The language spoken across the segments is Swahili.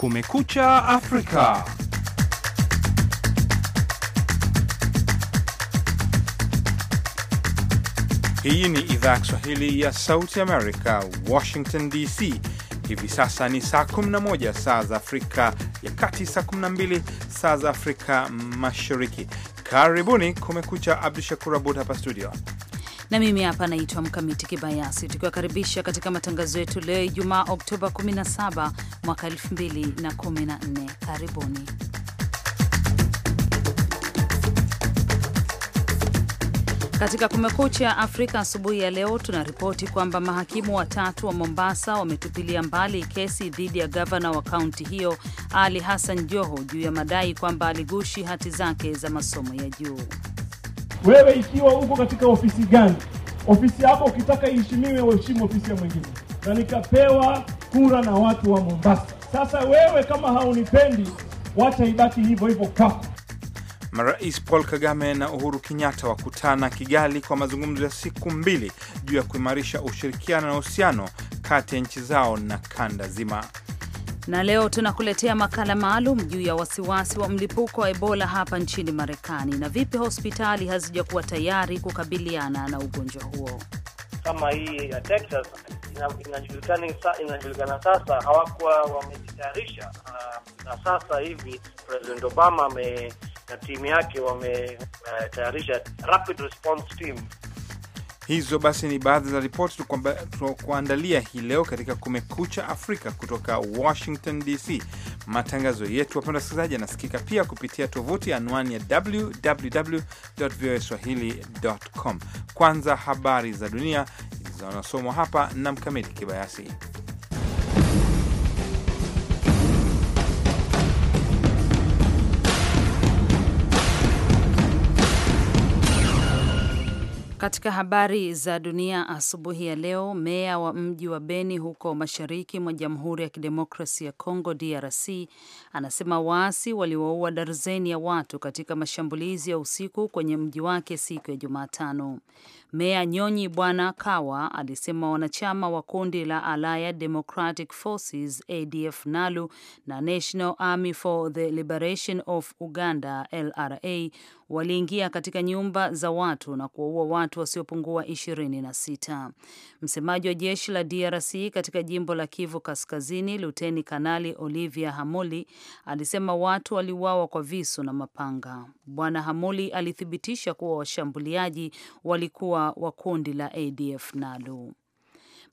Kumekucha Afrika. Hii ni idhaa ya Kiswahili ya Sauti Amerika, Washington DC. Hivi sasa ni saa 11 saa za Afrika ya Kati, saa 12 saa za Afrika Mashariki. Karibuni Kumekucha. Abdu Shakur Abud hapa studio na mimi hapa naitwa Mkamiti Kibayasi, tukiwakaribisha katika matangazo yetu leo Ijumaa Oktoba 17 mwaka 2014. Karibuni. Katika Kumekucha Afrika asubuhi ya leo tunaripoti kwamba mahakimu watatu wa Mombasa wametupilia mbali kesi dhidi ya gavana wa kaunti hiyo Ali Hassan Joho juu ya madai kwamba aligushi hati zake za masomo ya juu. Wewe ikiwa uko katika ofisi gani, ofisi yako ukitaka iheshimiwe, uheshimu ofisi ya mwingine. Na nikapewa kura na watu wa Mombasa. Sasa wewe kama haunipendi, wacha ibaki hivyo hivyo kwako. Marais Paul Kagame na Uhuru Kenyatta wakutana Kigali kwa mazungumzo ya siku mbili juu ya kuimarisha ushirikiano na uhusiano kati ya nchi zao na kanda zima na leo tunakuletea makala maalum juu ya wasiwasi wa mlipuko wa Ebola hapa nchini Marekani na vipi hospitali hazijakuwa tayari kukabiliana na ugonjwa huo. Kama hii ya Texas inajulikana sasa, hawakuwa wamejitayarisha ah, na sasa hivi President Obama na timu yake wametayarisha eh, rapid response team Hizo basi ni baadhi za ripoti tunakuandalia hii leo katika Kumekucha Afrika kutoka Washington DC. Matangazo yetu, wapenda wasikilizaji, yanasikika pia kupitia tovuti anwani ya www.voaswahili.com. Kwanza habari za dunia zinasomwa hapa na Mkamiti Kibayasi. Katika habari za dunia asubuhi ya leo, meya wa mji wa Beni huko mashariki mwa Jamhuri ya Kidemokrasi ya congo DRC anasema waasi waliwaua darzeni ya watu katika mashambulizi ya usiku kwenye mji wake siku ya Jumatano. Meya Nyonyi Bwana Kawa alisema wanachama wa kundi la Allied Democratic Forces ADF NALU na National Army for the Liberation of Uganda LRA waliingia katika nyumba za watu na kuwaua watu wasiopungua ishirini na sita. Msemaji wa jeshi la DRC katika jimbo la Kivu Kaskazini, Luteni Kanali Olivia Hamuli alisema watu waliuawa kwa visu na mapanga. Bwana Hamuli alithibitisha kuwa washambuliaji walikuwa mkubwa wa kundi la ADF NALU.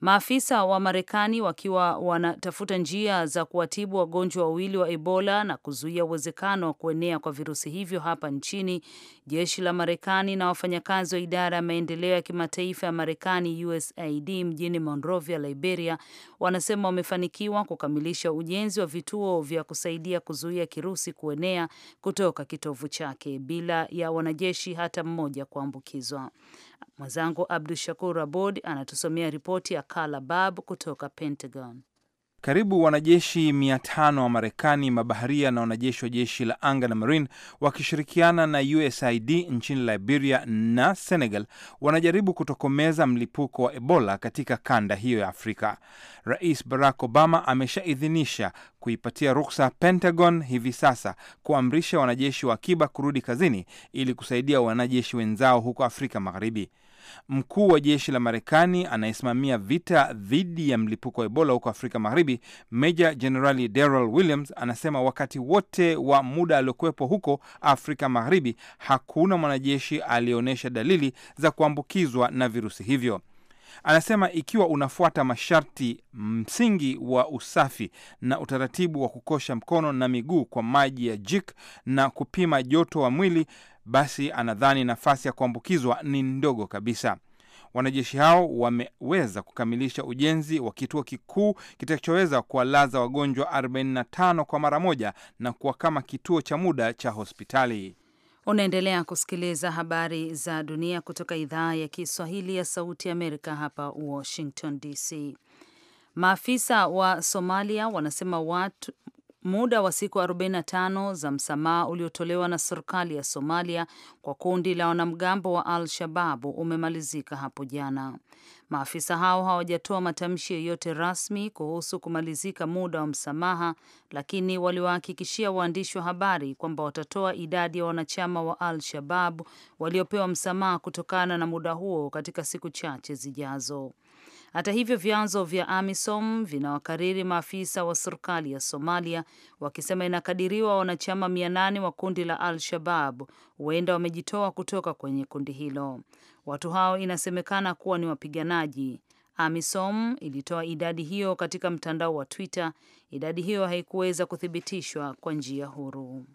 Maafisa wa Marekani wakiwa wanatafuta njia za kuwatibu wagonjwa wawili wa Ebola na kuzuia uwezekano wa kuenea kwa virusi hivyo hapa nchini, jeshi la Marekani na wafanyakazi wa idara ya maendeleo ya kimataifa ya Marekani, USAID, mjini Monrovia, Liberia, wanasema wamefanikiwa kukamilisha ujenzi wa vituo vya kusaidia kuzuia kirusi kuenea kutoka kitovu chake bila ya wanajeshi hata mmoja kuambukizwa. Mwenzangu Abdu Shakur Abod anatusomea ripoti ya Kalabab kutoka Pentagon. Karibu wanajeshi 5 wa Marekani, mabaharia na wanajeshi wa jeshi la anga na marine wakishirikiana na USAID nchini Liberia na Senegal wanajaribu kutokomeza mlipuko wa Ebola katika kanda hiyo ya Afrika. Rais Barack Obama ameshaidhinisha kuipatia ruksa Pentagon hivi sasa kuamrisha wanajeshi wa akiba kurudi kazini ili kusaidia wanajeshi wenzao huko Afrika Magharibi. Mkuu wa jeshi la Marekani anayesimamia vita dhidi ya mlipuko wa Ebola huko Afrika Magharibi, Meja Jenerali Daryl Williams anasema wakati wote wa muda aliokuwepo huko Afrika Magharibi hakuna mwanajeshi aliyeonyesha dalili za kuambukizwa na virusi hivyo. Anasema ikiwa unafuata masharti msingi wa usafi na utaratibu wa kukosha mkono na miguu kwa maji ya jik na kupima joto wa mwili basi anadhani nafasi ya kuambukizwa ni ndogo kabisa. Wanajeshi hao wameweza kukamilisha ujenzi wa kituo kikuu kitakachoweza kuwalaza wagonjwa 45 kwa mara moja na kuwa kama kituo cha muda cha hospitali. Unaendelea kusikiliza habari za dunia kutoka idhaa ya Kiswahili ya Sauti ya Amerika, hapa Washington DC. Maafisa wa Somalia wanasema watu, muda wa siku 45 za msamaha uliotolewa na serikali ya Somalia kwa kundi la wanamgambo wa Al Shababu umemalizika hapo jana. Maafisa hao hawajatoa matamshi yoyote rasmi kuhusu kumalizika muda wa msamaha, lakini waliwahakikishia waandishi wa habari kwamba watatoa idadi ya wanachama wa Al Shababu waliopewa msamaha kutokana na muda huo katika siku chache zijazo. Hata hivyo, vyanzo vya AMISOM vinawakariri maafisa wa serikali ya Somalia wakisema inakadiriwa wanachama mia nane wa kundi la Al-Shabab huenda wamejitoa kutoka kwenye kundi hilo. Watu hao inasemekana kuwa ni wapiganaji. AMISOM ilitoa idadi hiyo katika mtandao wa Twitter. Idadi hiyo haikuweza kuthibitishwa kwa njia huru.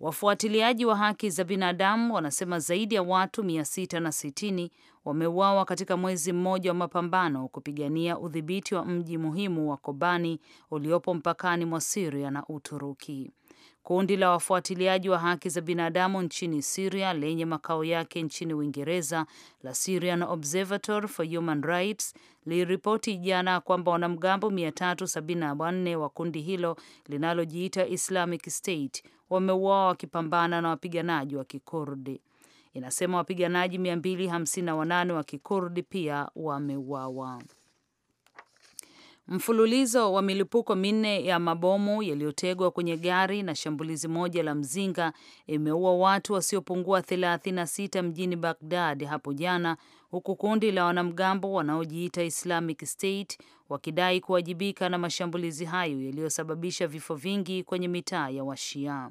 Wafuatiliaji wa haki za binadamu wanasema zaidi ya watu 660 wameuawa katika mwezi mmoja wa mapambano kupigania udhibiti wa mji muhimu wa Kobani uliopo mpakani mwa Siria na Uturuki. Kundi la wafuatiliaji wa haki za binadamu nchini Syria lenye makao yake nchini Uingereza la Syrian Observatory for Human Rights liliripoti jana kwamba wanamgambo 374 wa kundi hilo linalojiita Islamic State wameuawa wakipambana na wapiganaji wa Kikurdi. Inasema wapiganaji 258 wa Kikurdi pia wameuawa. Mfululizo wa milipuko minne ya mabomu yaliyotegwa kwenye gari na shambulizi moja la mzinga imeua watu wasiopungua 36 mjini Baghdad hapo jana, huku kundi la wanamgambo wanaojiita Islamic State wakidai kuwajibika na mashambulizi hayo yaliyosababisha vifo vingi kwenye mitaa ya Washia.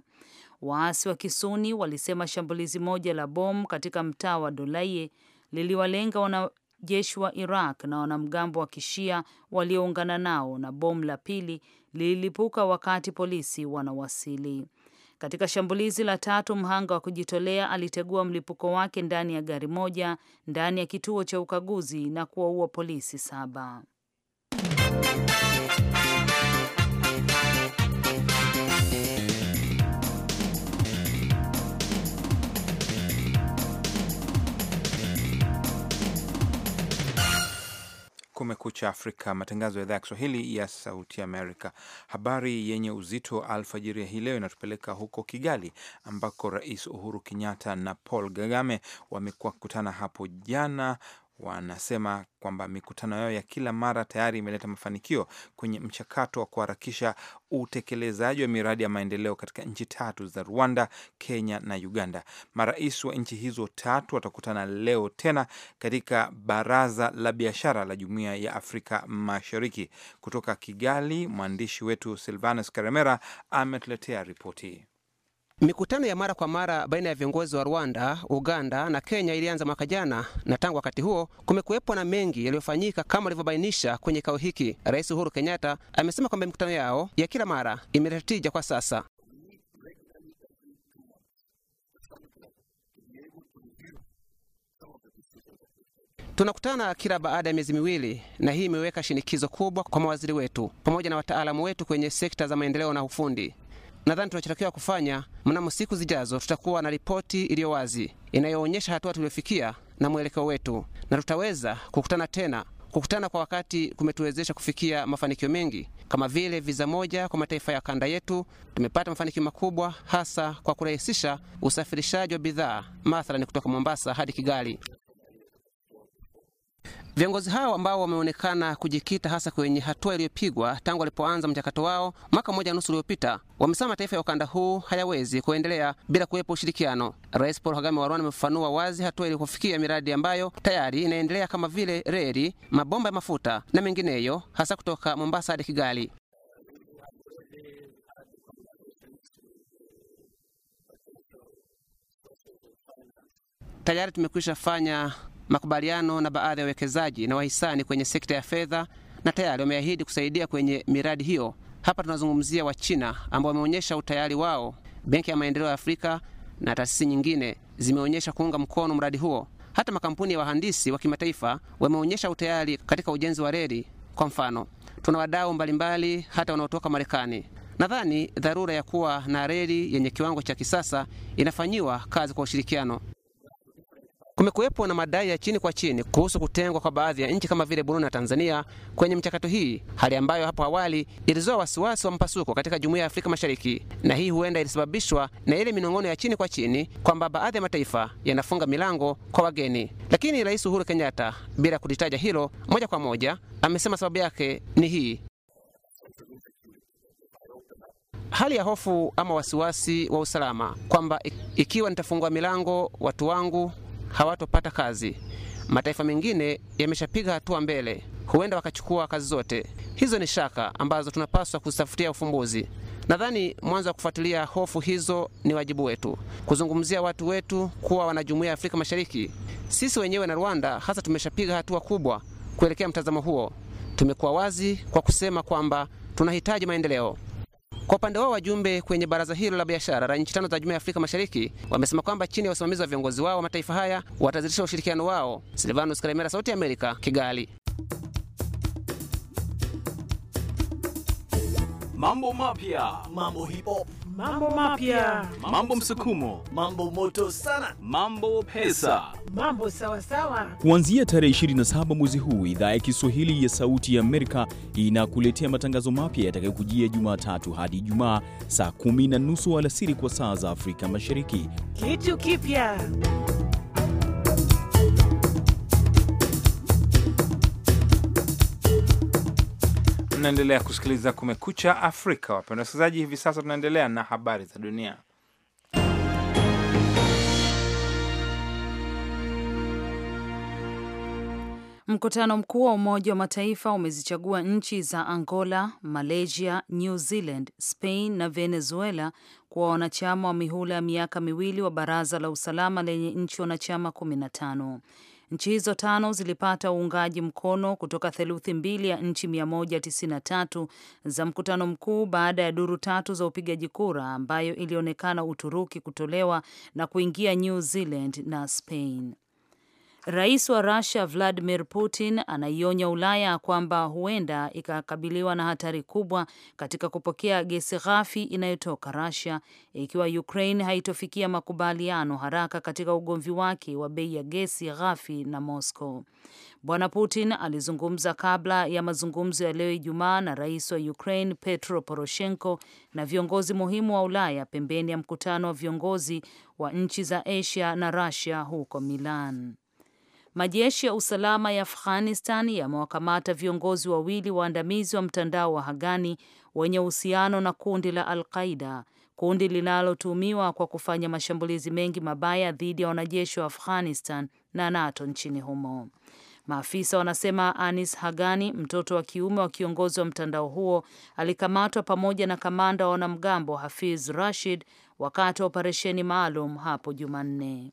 Waasi wa Kisuni walisema shambulizi moja la bomu katika mtaa wa Dolaye liliwalenga wana jeshi wa Iraq na wanamgambo wa kishia walioungana nao, na bomu la pili lililipuka wakati polisi wanawasili. Katika shambulizi la tatu, mhanga wa kujitolea alitegua mlipuko wake ndani ya gari moja ndani ya kituo cha ukaguzi na kuwaua polisi saba. Kumekucha Afrika, matangazo ya idhaa ya Kiswahili ya Sauti Amerika. Habari yenye uzito alfajiri hii leo inatupeleka huko Kigali, ambako Rais Uhuru Kenyatta na Paul Kagame wamekuwa kukutana hapo jana wanasema kwamba mikutano yao ya kila mara tayari imeleta mafanikio kwenye mchakato wa kuharakisha utekelezaji wa miradi ya maendeleo katika nchi tatu za Rwanda, Kenya na Uganda. Marais wa nchi hizo tatu watakutana leo tena katika Baraza la Biashara la Jumuiya ya Afrika Mashariki. Kutoka Kigali, mwandishi wetu Silvanus Karemera ametuletea ripoti. Mikutano ya mara kwa mara baina ya viongozi wa Rwanda, Uganda na Kenya ilianza mwaka jana, na tangu wakati huo kumekuwepo na mengi yaliyofanyika, kama alivyobainisha kwenye kikao hiki. Rais Uhuru Kenyatta amesema kwamba mikutano yao ya kila mara imeleta tija kwa sasa. Tunakutana kila baada ya miezi miwili, na hii imeweka shinikizo kubwa kwa mawaziri wetu pamoja na wataalamu wetu kwenye sekta za maendeleo na ufundi. Nadhani tunachotakiwa kufanya mnamo siku zijazo, tutakuwa na ripoti iliyo wazi inayoonyesha hatua tuliyofikia na mwelekeo wetu, na tutaweza kukutana tena. Kukutana kwa wakati kumetuwezesha kufikia mafanikio mengi kama vile viza moja kwa mataifa ya kanda yetu. Tumepata mafanikio makubwa hasa kwa kurahisisha usafirishaji wa bidhaa mathalani kutoka Mombasa hadi Kigali. Viongozi hao ambao wameonekana kujikita hasa kwenye hatua iliyopigwa tangu walipoanza mchakato wao mwaka mmoja nusu uliopita, wamesema mataifa ya ukanda huu hayawezi kuendelea bila kuwepo ushirikiano. Rais Paul Kagame wa Rwanda amefafanua wazi hatua iliyofikia miradi ambayo tayari inaendelea kama vile reli, mabomba ya mafuta na mengineyo, hasa kutoka Mombasa hadi Kigali. Tayari tumekwisha fanya makubaliano na baadhi ya wawekezaji na wahisani kwenye sekta ya fedha na tayari wameahidi kusaidia kwenye miradi hiyo. Hapa tunazungumzia Wachina ambao wameonyesha utayari wao. Benki ya Maendeleo ya Afrika na taasisi nyingine zimeonyesha kuunga mkono mradi huo. Hata makampuni ya wahandisi wa kimataifa wameonyesha utayari katika ujenzi wa reli. Kwa mfano, tuna wadau mbalimbali hata wanaotoka Marekani. Nadhani dharura ya kuwa na reli yenye kiwango cha kisasa inafanyiwa kazi kwa ushirikiano. Kumekuwepo na madai ya chini kwa chini kuhusu kutengwa kwa baadhi ya nchi kama vile Burundi na Tanzania kwenye mchakato hii, hali ambayo hapo awali ilizoa wasiwasi wa mpasuko katika jumuiya ya Afrika Mashariki, na hii huenda ilisababishwa na ile minong'ono ya chini kwa chini kwamba baadhi ya mataifa yanafunga milango kwa wageni. Lakini Rais Uhuru Kenyatta, bila kulitaja hilo moja kwa moja, amesema sababu yake ni hii hali ya hofu ama wasiwasi wa usalama, kwamba ikiwa nitafungua milango watu wangu hawatopata kazi. Mataifa mengine yameshapiga hatua mbele, huenda wakachukua kazi zote. Hizo ni shaka ambazo tunapaswa kuzitafutia ufumbuzi. Nadhani mwanzo wa kufuatilia hofu hizo ni wajibu wetu, kuzungumzia watu wetu kuwa wanajumuiya ya Afrika Mashariki. Sisi wenyewe na Rwanda hasa tumeshapiga hatua kubwa kuelekea mtazamo huo. Tumekuwa wazi kwa kusema kwamba tunahitaji maendeleo. Kwa upande wao wajumbe kwenye baraza hilo la biashara la nchi tano za Jumuiya ya Afrika Mashariki wamesema kwamba chini ya usimamizi wa viongozi wao wa mataifa haya watazidisha ushirikiano wao. Silvanus Kalemera, Sauti ya Amerika, Kigali. Mambo mapya, mambo hip hop mambo mapya, mambo msukumo, mambo moto sana, mambo pesa, mambo sawasawa. Kuanzia tarehe 27 mwezi huu, idhaa ya Kiswahili ya Sauti ya Amerika inakuletea matangazo mapya yatakayokujia Jumatatu hadi Ijumaa saa kumi na nusu alasiri kwa saa za Afrika Mashariki. Kitu kipya Mnaendelea kusikiliza Kumekucha Afrika, wapenda wasikilizaji. Hivi sasa tunaendelea na habari za dunia. Mkutano mkuu wa Umoja wa Mataifa umezichagua nchi za Angola, Malaysia, New Zealand, Spain na Venezuela kuwa wanachama wa mihula ya miaka miwili wa Baraza la Usalama lenye nchi wanachama kumi na tano. Nchi hizo tano zilipata uungaji mkono kutoka theluthi mbili ya nchi 193 za mkutano mkuu baada ya duru tatu za upigaji kura ambayo ilionekana Uturuki kutolewa na kuingia New Zealand na Spain. Rais wa Rusia Vladimir Putin anaionya Ulaya kwamba huenda ikakabiliwa na hatari kubwa katika kupokea gesi ghafi inayotoka rasia ikiwa Ukraine haitofikia makubaliano haraka katika ugomvi wake wa bei ya gesi ghafi na Moscow. Bwana Putin alizungumza kabla ya mazungumzo ya leo Ijumaa na rais wa Ukraine Petro Poroshenko na viongozi muhimu wa Ulaya pembeni ya mkutano wa viongozi wa nchi za Asia na rasia huko Milan. Majeshi ya usalama ya Afghanistan yamewakamata viongozi wawili waandamizi wa mtandao wa Hagani wenye uhusiano na kundi la Al-Qaida, kundi linalotuhumiwa kwa kufanya mashambulizi mengi mabaya dhidi ya wanajeshi wa Afghanistan na NATO nchini humo. Maafisa wanasema Anis Hagani, mtoto wa kiume wa kiongozi wa mtandao huo, alikamatwa pamoja na kamanda wa wanamgambo Hafiz Rashid wakati wa operesheni maalum hapo Jumanne.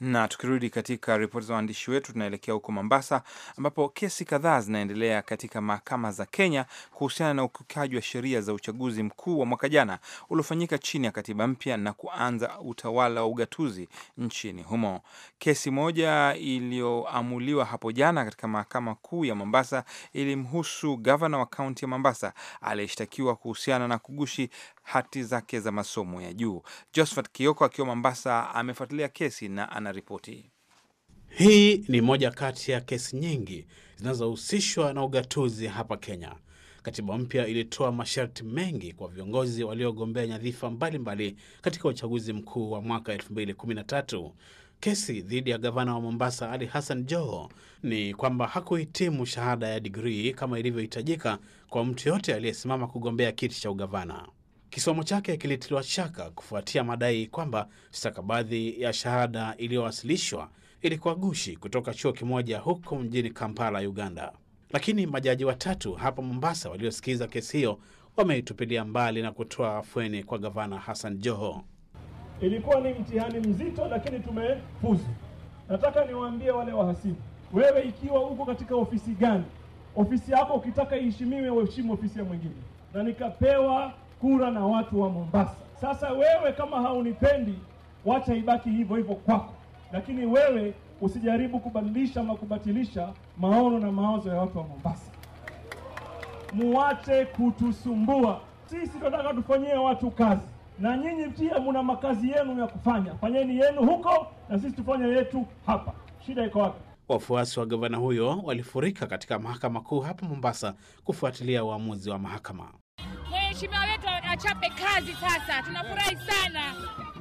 Na tukirudi katika ripoti za waandishi wetu, tunaelekea huko Mombasa ambapo kesi kadhaa zinaendelea katika mahakama za Kenya kuhusiana na ukiukaji wa sheria za uchaguzi mkuu wa mwaka jana uliofanyika chini ya katiba mpya na kuanza utawala wa ugatuzi nchini humo. Kesi moja iliyoamuliwa hapo jana katika mahakama kuu ya Mombasa ilimhusu gavana wa kaunti ya Mombasa aliyeshtakiwa kuhusiana na kugushi hati zake za masomo ya juu. Josephat Kioko akiwa Mombasa amefuatilia kesi na anaripoti. Hii ni moja kati ya kesi nyingi zinazohusishwa na ugatuzi hapa Kenya. Katiba mpya ilitoa masharti mengi kwa viongozi waliogombea nyadhifa mbalimbali katika uchaguzi mkuu wa mwaka 2013. Kesi dhidi ya gavana wa Mombasa Ali Hassan Joho ni kwamba hakuhitimu shahada ya digrii kama ilivyohitajika kwa mtu yote aliyesimama kugombea kiti cha ugavana. Kisomo chake kilitiliwa shaka kufuatia madai kwamba stakabadhi ya shahada iliyowasilishwa ilikuwa gushi kutoka chuo kimoja huko mjini Kampala, Uganda. Lakini majaji watatu hapa Mombasa waliosikiza kesi hiyo wameitupilia mbali na kutoa afweni kwa gavana Hassan Joho. Ilikuwa ni mtihani mzito, lakini tumefuzu. Nataka niwaambie wale wahasibu, wewe ikiwa uko katika ofisi gani, ofisi yako ukitaka iheshimiwe, waheshimu ofisi ya mwingine, na nikapewa kura na watu wa Mombasa. Sasa wewe kama haunipendi, wacha ibaki hivyo hivyo kwako, lakini wewe usijaribu kubadilisha ama kubatilisha maono na mawazo ya watu wa Mombasa. Muache kutusumbua sisi, tunataka tufanyie watu kazi, na nyinyi pia muna makazi yenu ya kufanya. Fanyeni yenu huko na sisi tufanye yetu hapa. Shida iko wapi? Wafuasi wa gavana huyo walifurika katika mahakama kuu hapa Mombasa kufuatilia uamuzi wa mahakama mheshimiwa wetu achape kazi sasa. Tunafurahi sana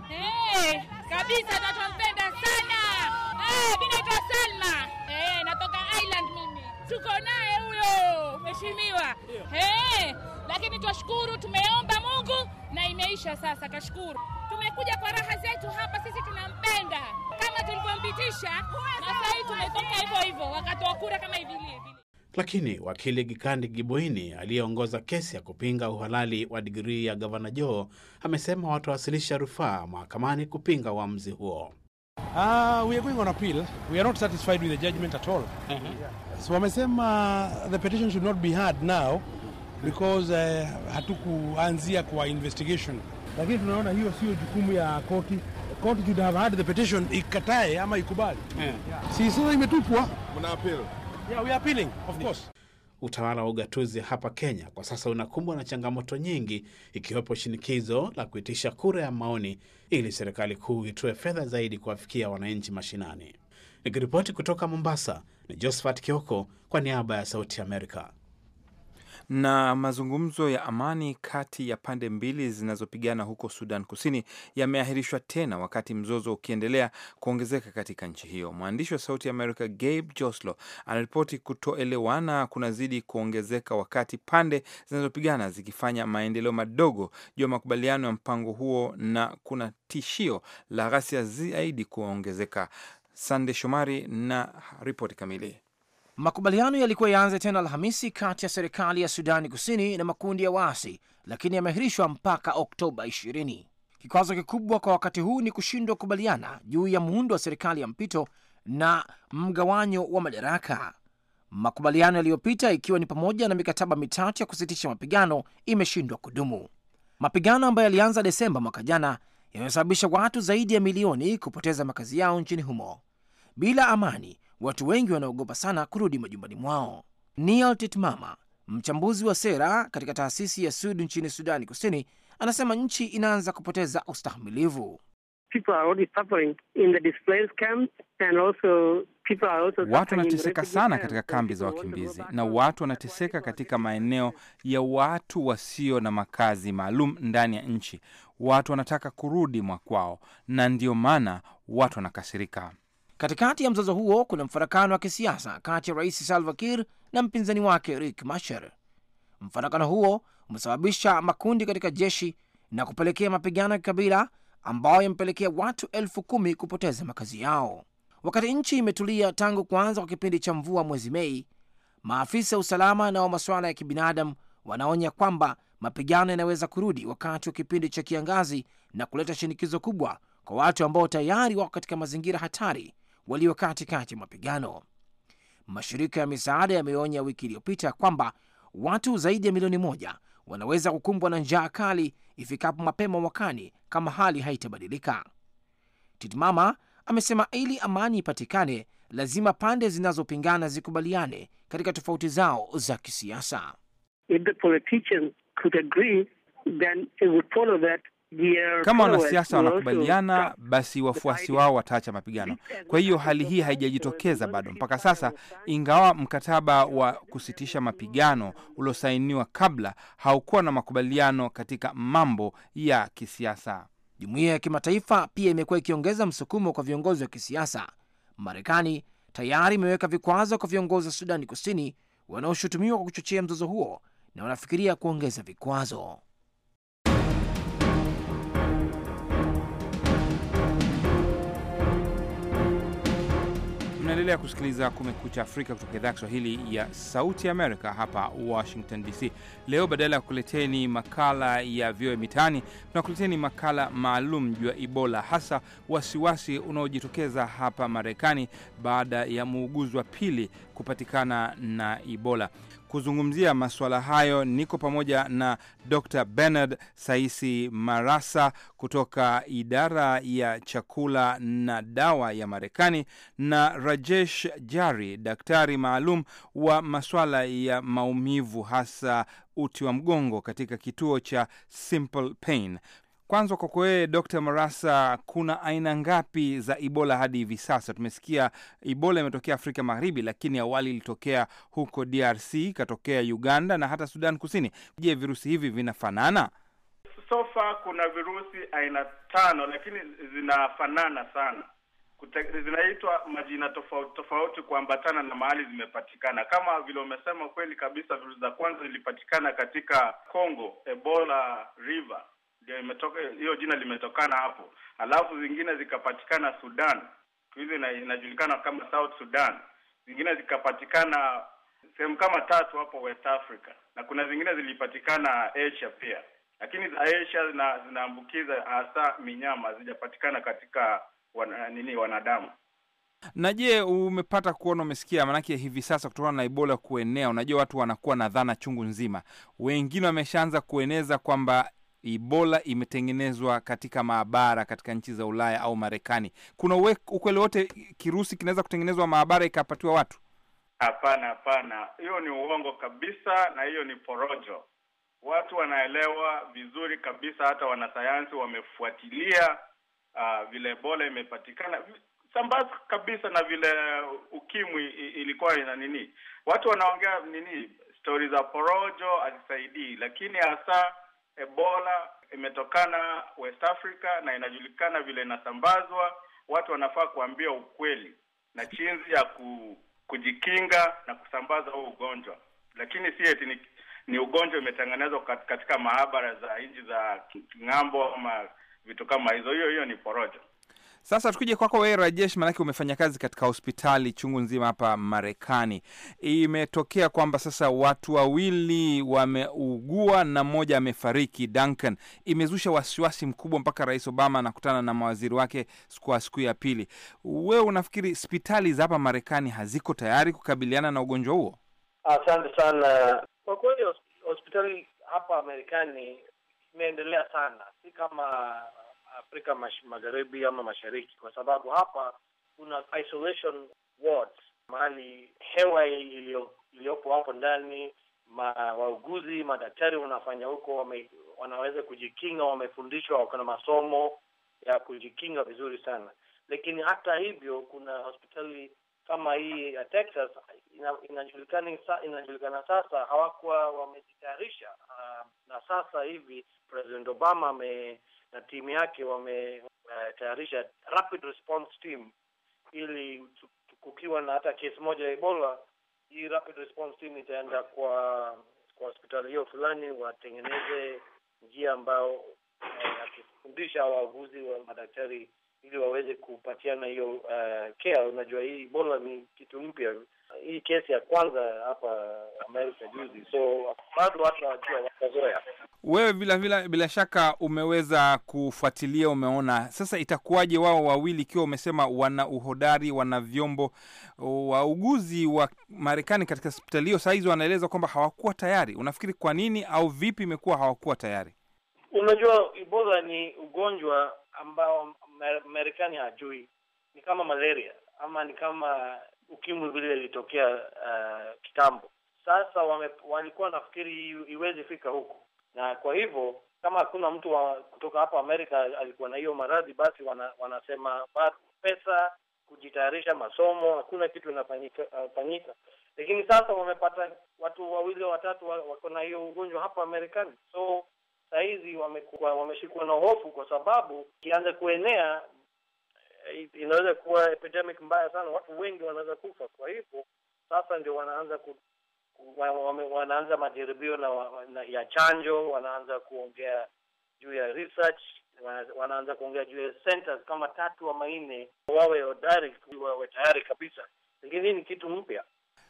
hey, eh, kabisa na tunampenda sana hey, ah, mimi naitwa Salma hey, eh, natoka Island mimi, tuko naye huyo mheshimiwa hey, eh, lakini twashukuru, tumeomba Mungu na imeisha sasa, kashukuru Tumekuja kwa raha zetu hapa, sisi tunampenda kama tulivyompitisha, na sasa hivi tumetoka hivyo hivyo, wakati kura kama hivi lakini wakili Gikandi Giboini aliyeongoza kesi ya kupinga uhalali wa digrii ya gavana Joho amesema watawasilisha rufaa mahakamani kupinga uamuzi huo. Uh, Uh -huh. So wamesema the petition should not be heard now because uh, hatukuanzia kwa investigation. Lakini tunaona hiyo sio jukumu ya koti. should have heard the petition ikatae ama ikubali. Yeah. Yeah. Si sasa imetupwa. Mna appeal. Yeah, we are appealing, of course. Utawala wa ugatuzi hapa Kenya kwa sasa unakumbwa na changamoto nyingi ikiwepo shinikizo la kuitisha kura ya maoni ili serikali kuu itoe fedha zaidi kuwafikia wananchi mashinani. Nikiripoti kutoka Mombasa ni Josephat Kioko kwa niaba ya Sauti Amerika. Na mazungumzo ya amani kati ya pande mbili zinazopigana huko Sudan Kusini yameahirishwa tena wakati mzozo ukiendelea kuongezeka katika nchi hiyo. Mwandishi wa Sauti ya Amerika Gabe Joslo anaripoti kutoelewana kunazidi kuongezeka wakati pande zinazopigana zikifanya maendeleo madogo juu ya makubaliano ya mpango huo, na kuna tishio la ghasia zaidi kuongezeka. Sande Shomari na ripoti kamili. Makubaliano yalikuwa yaanze tena Alhamisi kati ya serikali ya Sudani Kusini na makundi ya waasi, lakini yameahirishwa mpaka Oktoba 20. Kikwazo kikubwa kwa wakati huu ni kushindwa kukubaliana juu ya muundo wa serikali ya mpito na mgawanyo wa madaraka. Makubaliano yaliyopita ikiwa ni pamoja na mikataba mitatu ya kusitisha mapigano imeshindwa kudumu. Mapigano ambayo yalianza Desemba mwaka jana yamesababisha watu zaidi ya milioni kupoteza makazi yao nchini humo. Bila amani, watu wengi wanaogopa sana kurudi majumbani mwao. Neal Titmama, mchambuzi wa sera katika taasisi ya Sud nchini Sudani Kusini, anasema nchi inaanza kupoteza ustahimilivu. Watu wanateseka sana katika kambi za wakimbizi na watu wanateseka katika maeneo ya watu wasio na makazi maalum ndani ya nchi. Watu wanataka kurudi mwakwao, na ndiyo maana watu wanakasirika. Katikati ya mzozo huo kuna mfarakano wa kisiasa kati ya rais Salva Kiir na mpinzani wake Riek Machar. Mfarakano huo umesababisha makundi katika jeshi na kupelekea mapigano ya kikabila ambayo yamepelekea watu elfu kumi kupoteza makazi yao. Wakati nchi imetulia tangu kuanza kwa kipindi cha mvua mwezi Mei, maafisa ya usalama na wa masuala ya kibinadamu wanaonya kwamba mapigano yanaweza kurudi wakati wa kipindi cha kiangazi na kuleta shinikizo kubwa kwa watu ambao tayari wako katika mazingira hatari walio katikati ya mapigano. Mashirika ya misaada yameonya wiki iliyopita kwamba watu zaidi ya milioni moja wanaweza kukumbwa na njaa kali ifikapo mapema mwakani kama hali haitabadilika. Titmama amesema ili amani ipatikane, lazima pande zinazopingana zikubaliane katika tofauti zao za kisiasa. If the politicians could agree, then it would follow that kama wanasiasa wanakubaliana, basi wafuasi wao wataacha mapigano. Kwa hiyo hali hii haijajitokeza bado mpaka sasa, ingawa mkataba wa kusitisha mapigano uliosainiwa kabla haukuwa na makubaliano katika mambo ya kisiasa. Jumuiya ya kimataifa pia imekuwa ikiongeza msukumo kwa viongozi wa kisiasa. Marekani tayari imeweka vikwazo kwa viongozi wa Sudani Kusini wanaoshutumiwa kwa kuchochea mzozo huo na wanafikiria kuongeza vikwazo. Mnaendelea kusikiliza Kumekucha Afrika kutoka idhaa ya Kiswahili ya Sauti ya Amerika hapa Washington DC. Leo badala ya kuleteni makala ya vyoe mitaani, tunakuleteni makala maalum juu ya Ebola, hasa wasiwasi unaojitokeza hapa Marekani baada ya muuguzi wa pili kupatikana na Ebola. Kuzungumzia masuala hayo niko pamoja na Dr. Bernard Saisi Marasa kutoka idara ya chakula na dawa ya Marekani na Rajesh Jari, daktari maalum wa masuala ya maumivu hasa uti wa mgongo katika kituo cha Simple Pain. Kwanza kwako wewe Dr. Marasa, kuna aina ngapi za Ebola hadi hivi sasa? Tumesikia Ebola imetokea Afrika Magharibi, lakini awali ilitokea huko DRC, ikatokea Uganda na hata Sudan Kusini. Je, virusi hivi vinafanana? Sofa kuna virusi aina tano, lakini zinafanana sana zinaitwa majina tofauti tofauti kuambatana na mahali zimepatikana. Kama vile umesema, kweli kabisa, virusi za kwanza zilipatikana katika Congo, Ebola River imetoka hiyo jina limetokana hapo, alafu zingine zikapatikana Sudan, hizi inajulikana kama South Sudan, zingine zikapatikana sehemu kama tatu hapo West Africa, na kuna zingine zilipatikana Asia pia, lakini za Asia zina, zinaambukiza hasa minyama, zijapatikana katika wan, nini wanadamu. Na je, umepata kuona, umesikia? Maanake hivi sasa kutokana na Ebola kuenea, unajua watu wanakuwa na dhana chungu nzima, wengine wameshaanza kueneza kwamba Ebola imetengenezwa katika maabara katika nchi za Ulaya au Marekani. Kuna ukweli wote kirusi kinaweza kutengenezwa maabara ikapatiwa watu? Hapana, hapana, hiyo ni uongo kabisa, na hiyo ni porojo. Watu wanaelewa vizuri kabisa, hata wanasayansi wamefuatilia uh, vile Ebola imepatikana sambasa kabisa na vile ukimwi ilikuwa ina nini. Watu wanaongea nini, stori za porojo hazisaidii, lakini hasa Ebola imetokana West Africa na inajulikana vile inasambazwa. Watu wanafaa kuambia ukweli na chinzi ya ku, kujikinga na kusambaza huo ugonjwa, lakini si eti ni, ni ugonjwa umetengenezwa katika maabara za nchi za ng'ambo ama vitu kama hizo. Hiyo hiyo ni porojo. Sasa tukuje kwako wewe Rajesh, maanake umefanya kazi katika hospitali chungu nzima hapa Marekani. Imetokea kwamba sasa watu wawili wameugua na mmoja amefariki. Duncan, imezusha wasiwasi mkubwa mpaka Rais Obama anakutana na mawaziri wake kwa siku ya pili. Wewe unafikiri hospitali za hapa Marekani haziko tayari kukabiliana na ugonjwa huo? Asante sana. Kwa kweli hospitali hapa Marekani imeendelea sana, si kama Afrika mash, magharibi ama mashariki, kwa sababu hapa kuna isolation wards, mahali hewa iliyopo hapo ndani ma, wauguzi madaktari wanafanya huko wame, wanaweza kujikinga, wamefundishwa, wako na masomo ya kujikinga vizuri sana. Lakini hata hivyo kuna hospitali kama hii ya Texas inajulikana inajulikana sasa, hawakuwa wamejitayarisha. Uh, na sasa hivi President Obama ame na timu yake wametayarisha eh, uh, rapid response team ili kukiwa na hata kesi moja ya Ebola, hii rapid response team itaenda kwa kwa hospitali hiyo fulani, watengeneze njia ambayo eh, akifundisha wauguzi wa madaktari ili waweze kupatiana hiyo uh, care. Unajua, hii Ebola ni kitu mpya hii kesi ya kwanza hapa Amerika juzi, so bado watu wanajua, watazoea. Wewe bila bila bila shaka umeweza kufuatilia, umeona sasa itakuwaje wao wawili, ikiwa umesema wana uhodari, wana vyombo. Wauguzi wa Marekani katika hospitali hiyo sahizi wanaeleza kwamba hawakuwa tayari. Unafikiri kwa nini au vipi imekuwa hawakuwa tayari? Unajua, Ebola ni ugonjwa ambao Marekani hajui, ni kama malaria ama ni kama ukimwi vile ilitokea uh, kitambo. Sasa wame, walikuwa nafikiri iwezi fika huko, na kwa hivyo kama hakuna mtu wa, kutoka hapa Amerika alikuwa na hiyo maradhi, basi wana, wanasema bado pesa kujitayarisha masomo, hakuna kitu inafanyika uh, lakini sasa wamepata watu wawili watatu wako na hiyo ugonjwa hapa Marekani, so sahizi wameshikwa wame na hofu, kwa sababu ikianza kuenea Eh, inaweza kuwa epidemic mbaya sana, watu wengi wanaweza kufa. Kwa hivyo sasa ndio wanaanza ku, wanaanza majaribio na, na ya chanjo, wanaanza kuongea juu ya research, wanaanza kuongea juu ya centers kama tatu ama nne, wawe direct, wawe tayari kabisa, lakini hii ni kitu mpya.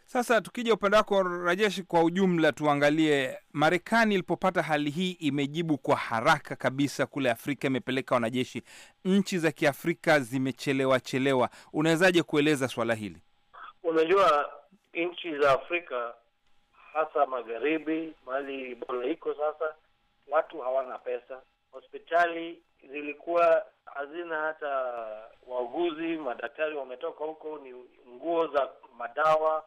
Sasa tukija upande wako Rajeshi, kwa ujumla tuangalie Marekani ilipopata hali hii, imejibu kwa haraka kabisa. Kule Afrika imepeleka wanajeshi, nchi za Kiafrika zimechelewa chelewa. Unawezaje kueleza swala hili? Unajua, nchi za Afrika hasa magharibi, mahali bora iko sasa, watu hawana pesa, hospitali zilikuwa hazina hata wauguzi, madaktari wametoka huko, ni nguo za madawa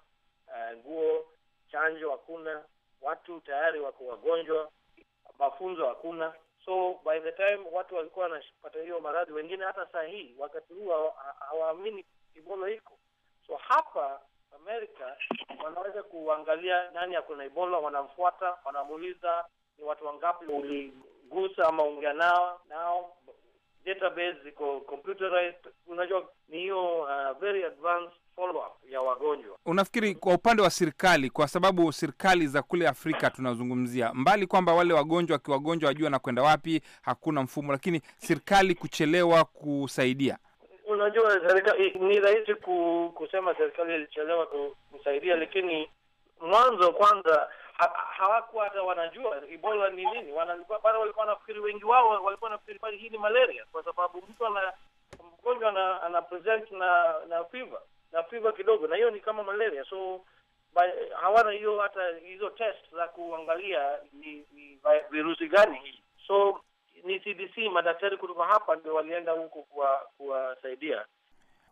Eh, nguo, chanjo hakuna, watu tayari wako wagonjwa, mafunzo hakuna. So by the time watu walikuwa wanapata hiyo maradhi, wengine hata saa hii wakati huu hawaamini ibola iko. So hapa Amerika wanaweza kuangalia nani ako na ibola wanamfuata, wanamuuliza ni watu wangapi uligusa ama ungea nao nao database ziko computerized. Unajua ni hiyo uh, very advanced follow up ya wagonjwa. Unafikiri kwa upande wa serikali, kwa sababu serikali za kule Afrika tunazungumzia, mbali kwamba wale wagonjwa wakiwagonjwa wajua wanakwenda wapi, hakuna mfumo, lakini serikali kuchelewa kusaidia Unajua, serikali ni rahisi ku, kusema serikali ilichelewa kusaidia, lakini mwanzo kwanza hawakuwa hata wanajua Ebola ni nini. Bado walikuwa nafikiri, wengi wao walikuwa nafikiri hii ni malaria, kwa sababu mtu ana mgonjwa ana, ana present na na fever na fever kidogo, na hiyo ni kama malaria. So by, hawana hiyo hata hizo test za kuangalia ni, ni virusi gani hii. So ni CDC, madaktari kutoka hapa ndio walienda huko kuwasaidia.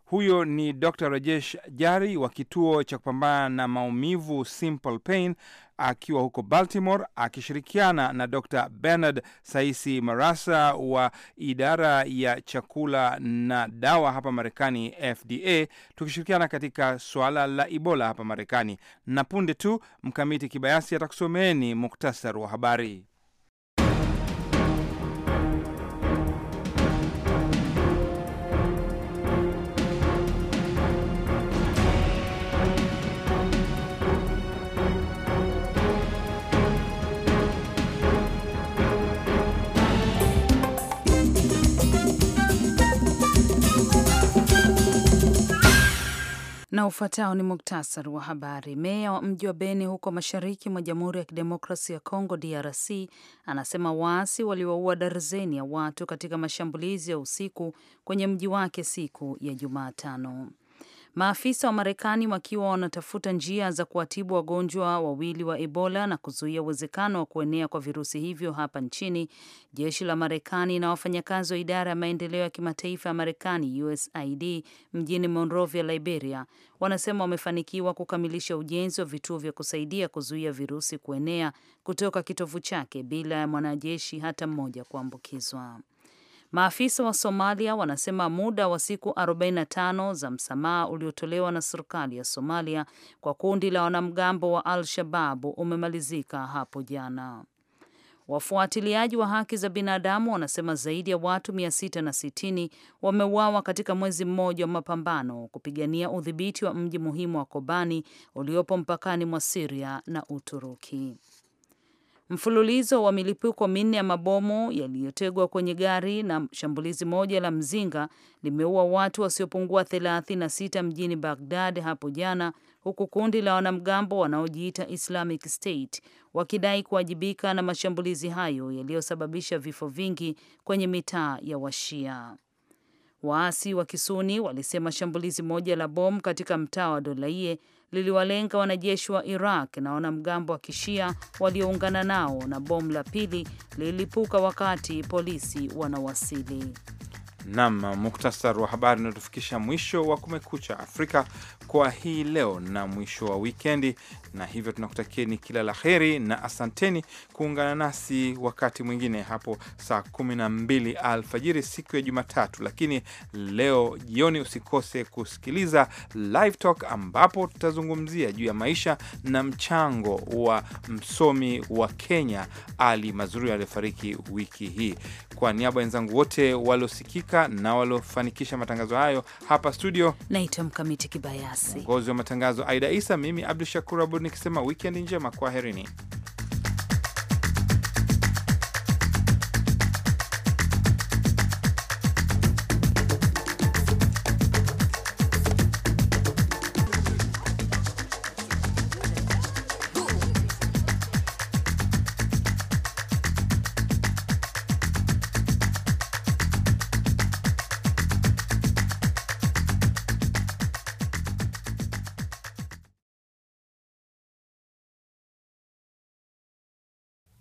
Huyo ni Dr. Rajesh Jari wa kituo cha kupambana na maumivu Simple Pain akiwa huko Baltimore akishirikiana na Dr Bernard Saisi Marasa wa idara ya chakula na dawa hapa Marekani, FDA, tukishirikiana katika suala la Ebola hapa Marekani. Na punde tu Mkamiti Kibayasi atakusomeeni muktasar wa habari. Na ufuatao ni muktasari wa habari. Meya wa mji wa Beni huko mashariki mwa Jamhuri ya kidemokrasi ya Kongo, DRC, anasema waasi waliwaua darzeni ya watu katika mashambulizi ya usiku kwenye mji wake siku ya Jumatano. Maafisa wa Marekani wakiwa wanatafuta njia za kuwatibu wagonjwa wawili wa Ebola na kuzuia uwezekano wa kuenea kwa virusi hivyo hapa nchini, jeshi la Marekani na wafanyakazi wa idara ya maendeleo ya kimataifa ya Marekani, USAID, mjini Monrovia, Liberia, wanasema wamefanikiwa kukamilisha ujenzi wa vituo vya kusaidia kuzuia virusi kuenea kutoka kitovu chake bila ya mwanajeshi hata mmoja kuambukizwa. Maafisa wa Somalia wanasema muda wa siku 45 za msamaha uliotolewa na serikali ya Somalia kwa kundi la wanamgambo wa Al-Shababu umemalizika hapo jana. Wafuatiliaji wa haki za binadamu wanasema zaidi ya watu 660 wameuawa katika mwezi mmoja wa mapambano kupigania udhibiti wa mji muhimu wa Kobani uliopo mpakani mwa Siria na Uturuki. Mfululizo wa milipuko minne ya mabomu yaliyotegwa kwenye gari na shambulizi moja la mzinga limeua watu wasiopungua 36 mjini Baghdad hapo jana, huku kundi la wanamgambo wanaojiita Islamic State wakidai kuwajibika na mashambulizi hayo yaliyosababisha vifo vingi kwenye mitaa ya Washia. Waasi wa Kisuni walisema shambulizi moja la bomu katika mtaa wa Dolaie liliwalenga wanajeshi wa Iraq na wanamgambo wa kishia walioungana nao, na bomu la pili lililipuka wakati polisi wanawasili. Nam, muktasar wa habari unatufikisha mwisho wa Kumekucha Afrika kwa hii leo na mwisho wa wikendi na hivyo tunakutakieni kila la heri na asanteni kuungana nasi wakati mwingine hapo saa 12 alfajiri siku ya Jumatatu. Lakini leo jioni usikose kusikiliza Live Talk ambapo tutazungumzia juu ya maisha na mchango wa msomi wa Kenya Ali Mazrui aliyefariki wiki hii. Kwa niaba ya wenzangu wote waliosikika na waliofanikisha matangazo hayo hapa studio, naitwa Mkamiti Kibayasi, mwongozi wa matangazo Aida Isa, mimi Abdu Shakur Abu nikisema wikendi njema, kwaherini.